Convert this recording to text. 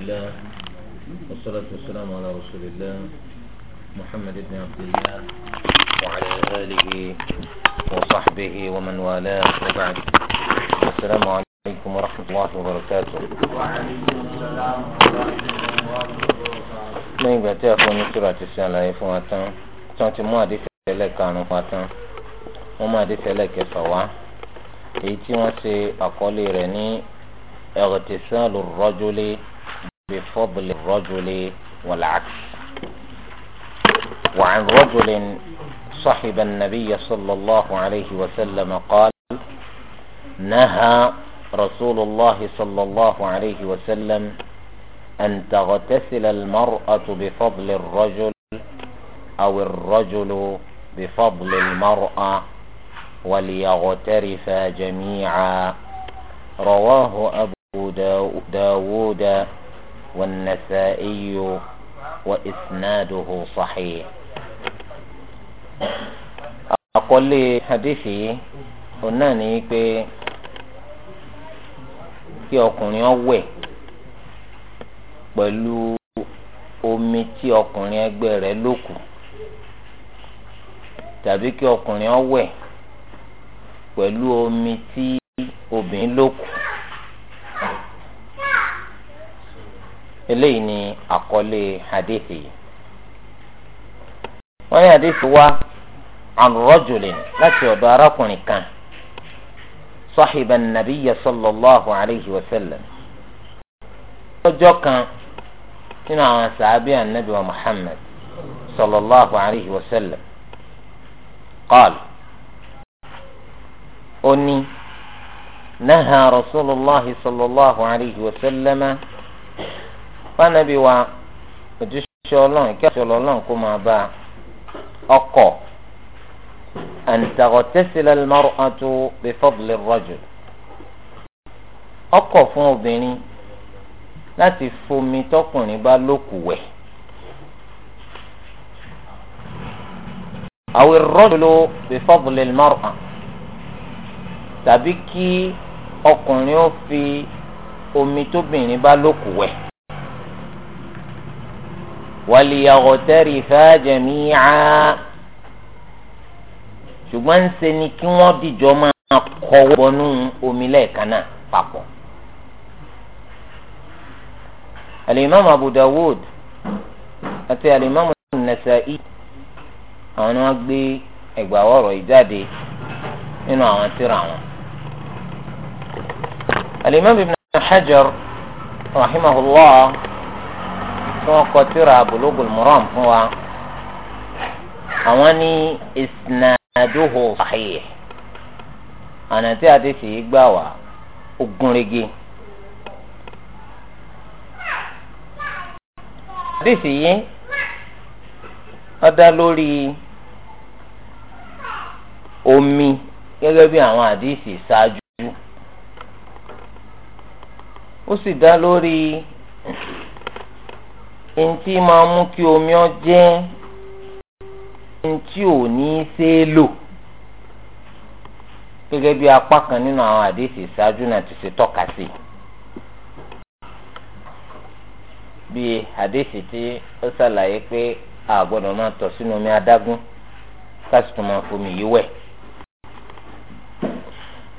الله والصلاة والسلام على رسول الله محمد بن عبد الله وعلى آله وصحبه ومن والاه وبعد السلام عليكم ورحمة الله وبركاته وعليكم السلام ورحمة الله وبركاته من يبتع فون سورة السلام فواتان تانت موادي فلك كانوا فاتان ومادي فلك سوا èyí tí wọ́n ṣe àkọlé rẹ̀ ní بفضل الرجل والعكس وعن رجل صحب النبي صلى الله عليه وسلم قال نهى رسول الله صلى الله عليه وسلم أن تغتسل المرأة بفضل الرجل أو الرجل بفضل المرأة وليغترفا جميعا رواه أبو داود والنسائي وإسناده صحيح أقول حديثي قلنا بي kí ọkùnrin ọwẹ̀ pẹ̀lú omi tí ọkùnrin ẹgbẹ́ rẹ̀ lòkù tàbí kí ọkùnrin ọwẹ̀ pẹ̀lú omi tí obìnrin lòkù eléyìí ni àkọlé hadithi wọ́n ní hadithi wa ànúrọ́jùlẹ̀ láti ọ̀dọ̀ arákùnrin kan sọ́hìbà nàbíyà sallallahu alayhi wa sallam lọ́jọ́ kan nínú àwọn sàábì ànábì wa muhammad sallallahu alayhi wa sallam qaal ó ní naha rasulillahi sallallahu alayhi wa sallam. fanabi wa òjíṣẹ́ ọlọ́run ìkẹ́sọ̀ ọlọ́run kó máa bá ọkọ̀ àǹtàkọ̀tẹ́sílẹ̀ lọ́rọ̀ọ́tò bífọ́bìlì rọ́jò ọkọ̀ fún obìnrin láti fomi tọkùnrin bá lókùwẹ̀. àwọn rọ́jòló bífọ́bìlì mọ́rọ̀ tàbí kí ọkùnrin ó fi omi tóbìnrin bá lókùwẹ̀ wàlìyàwọ̀tẹ́rìfà jẹ̀míà ṣùgbọ́n ń ṣe ni kí wọ́n dìjọ máa kọ́wọ́ bọnú omi lẹ́ẹ̀kan náà papọ̀. alimami abu dawud àti alimami nasa'i àwọn ni wọ́n gbé ẹgbàá ọ̀rọ̀ yìí nínú àwọn tírà wọn. alimami ibn hajar rahimahullah. tí wọ́n kọ tírà bulugul maram fún wa àwọn ní isnaduhu sahih ọ̀nà tí a ti sì gbà wá ogunrege. àdìsí yìí ó dá lórí omi gẹ́gẹ́ bí àwọn àdìsí ṣáájú ó sì dá lórí. ntí máa mú kí omi ọ jẹ́ ntí ò ní í ṣe é lò gẹ́gẹ́ bí apá kan nínú àwọn àdéhìí ìṣáájú náà ti ṣe tọ́ka sí bí àdéhìí tí ó ṣàlàyé pé a máa tọ̀ sínú omi adágún ká